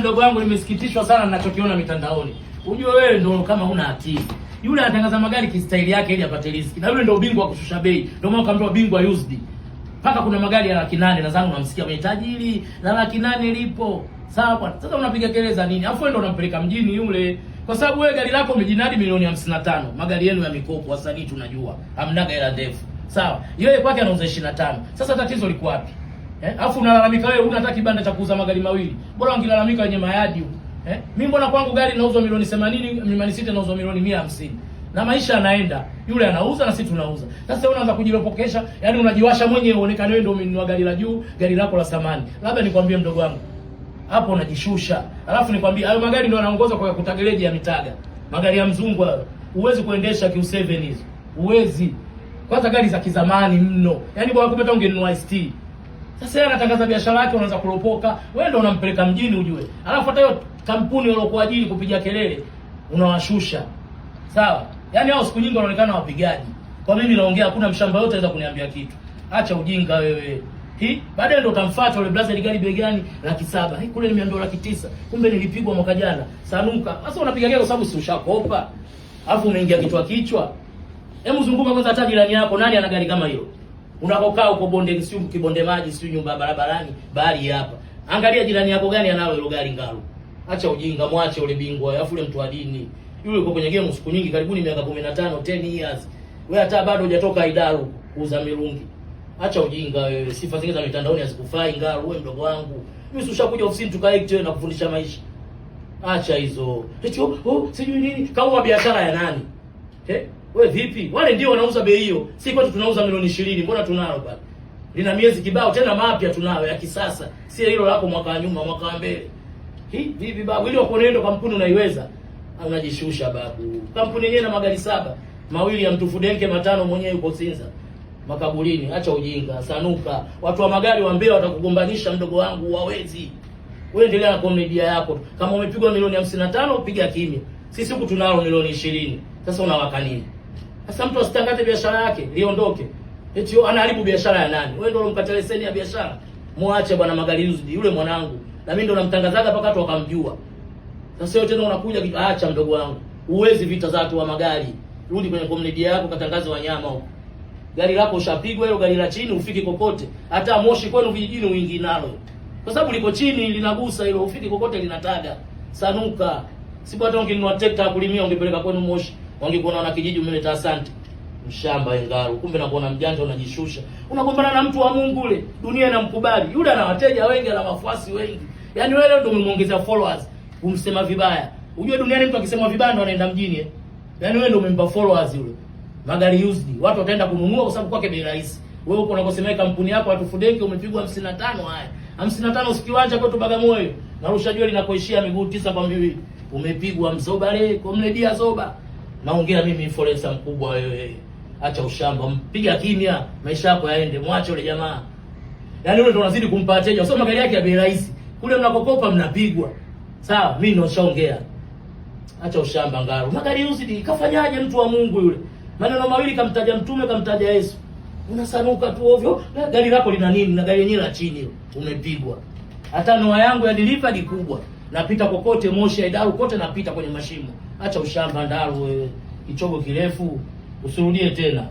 Ndogo yangu nimesikitishwa sana ninachokiona mitandaoni. Unajua wewe ndo kama huna akili. Yule anatangaza magari kistaili yake ili apate riziki. Na yule ndo ubingwa wa kushusha bei. Ndio maana kaambiwa bingwa used. Paka kuna magari ya laki nane na zangu namsikia mwenye tajiri la laki nane lipo. Sawa bwana. Sasa unapiga kelele za nini? Afu wewe ndio unampeleka mjini yule. Kwa sababu wewe gari lako umejinadi milioni 55. Magari yenu ya mikopo wasanii tunajua. Hamnaga hela ndefu. Sawa. Yeye kwake anauza 25. Sasa tatizo liko wapi? Eh, afu unalalamika wewe huna hata kibanda cha kuuza magari mawili. Bora wangilalamika wenye mayadi huko. Eh? Mimi mbona kwangu gari linauzwa milioni 80, milioni 60 linauzwa milioni 150. Na maisha yanaenda. Yule anauza na sisi tunauza. Sasa wewe unaanza kujilopokesha, yaani unajiwasha mwenyewe uonekane wewe ndio umenunua gari la juu, gari lako la samani. Labda nikwambie mdogo wangu. Hapo unajishusha. Alafu nikwambie hayo magari ndio yanaongoza kwa kutagereji ya mitaga. Magari ya mzungu hayo. Uwezi kuendesha Q7 hizo. Uwezi. Kwanza gari za kizamani mno. Yaani bwana kumbe ungenunua ST. Sasa yeye anatangaza biashara yake, unaanza kulopoka. Wewe ndio unampeleka mjini ujue. Alafu hata hiyo kampuni waliokuajiri kupiga kelele unawashusha. Sawa? Yaani hao siku nyingi wanaonekana wapigaji. Kwa mimi naongea, hakuna mshamba yote anaweza kuniambia kitu. Acha ujinga wewe. Hi, baadaye ndio utamfuata yule blaza gari begani laki saba. Hii kule nimeambiwa laki tisa. Kumbe nilipigwa mwaka jana. Sanuka. Sasa unapiga kelele kwa sababu si ushakopa. Alafu unaingia kichwa kichwa. Hebu zunguka kwanza hata jirani yako, nani ana gari kama hilo? unapokaa uko bonde, sio kibonde maji, sio nyumba barabarani, bali hapa. Angalia jirani yako gani analo ile gari ngalo. Acha ujinga, mwache ule bingwa, afu ule mtu wa dini yule, uko kwenye game siku nyingi, karibuni miaka 15 10 years, wewe hata bado hujatoka idaru kuuza mirungi. Acha ujinga wewe, sifa zingine za mitandaoni hazikufai. Ngalo wewe mdogo wangu, mimi ushakuja ofisini tukae tena na kufundisha maisha. Acha hizo Hicho, oh, sijui nini, Kama biashara ya nani? He? Eh? We vipi? Wale ndio wanauza bei hiyo. Si kwetu tunauza milioni 20, mbona tunalo bado? Lina miezi kibao tena mapya tunayo ya kisasa. Si hilo lako mwaka nyuma, mwaka wa mbele. Hii vipi babu? Ile uko nendo kampuni unaiweza. Unajishusha babu. Kampuni yenyewe na magari saba, mawili ya mtufu denke matano mwenyewe yuko Sinza. Makaburini, acha ujinga, sanuka. Watu wa magari wa mbele watakugombanisha mdogo wangu, wawezi. Wewe endelea na komedia yako. Kama umepigwa milioni 55 piga kimya. Sisi huku tunalo milioni ishirini. Sasa unawaka nini? Sasa mtu asitangaze biashara yake liondoke, eti anaharibu biashara ya nani? Wewe ndio unamkata leseni ya biashara. Muache bwana Magaliuzdi, yule mwanangu na mimi ndio namtangazaga mpaka watu wakamjua. Sasa wewe tena unakuja, acha mdogo wangu, uwezi vita za watu wa magari. Rudi kwenye community yako, katangaze wanyama huko. Gari lako ushapigwa hilo gari la chini, ufiki kokote. Hata moshi kwenu vijijini uingi nalo, kwa sababu liko chini, linagusa hilo, ufiki kokote, linataga sanuka. Sipo hata ungenunua trekta kulimia ungepeleka kwenu Moshi, wangekuona na kijiji umeleta asante. Mshamba Engaru, kumbe nakuona mjanja unajishusha. Unagombana na mtu wa Mungu ule. Dunia inamkubali. Yule ana wateja wengi, ana wafuasi wengi. Yaani wewe leo ndio umemwongezea followers, umsema vibaya. Unajua duniani mtu akisema vibaya ndo anaenda mjini eh. Yaani wewe ndio umempa followers yule. Magari used. Watu wataenda kununua kwa sababu kwake bei rahisi. Wewe uko unakosemea kampuni yako watu fudeki umepigwa 55 haya. 55 usikiwanja kwetu Bagamoyo. Narusha jua linakoishia miguu tisa kwa miwili umepigwa msoba le kumledia soba. Naongea mimi influencer mkubwa wewe, acha ushamba, mpiga kimya, maisha yako yaende, mwache yule jamaa. Yaani yule ndo unazidi kumpa wateja, sio magari yake ya bei rahisi kule mnakokopa mnapigwa. Sawa, mimi ndo nishaongea, acha ushamba Ngaro. Magari usidi kafanyaje? Mtu wa Mungu yule, maneno mawili kamtaja Mtume, kamtaja Yesu unasanuka tu ovyo. Na gari lako lina nini? Na gari yenyewe la chini, umepigwa. Hata noa yangu ya dilipa ni kubwa napita kokote, Moshi Aidaru kote napita kwenye mashimo. Acha ushamba Ndaru wewe, kichogo kirefu usurudie tena.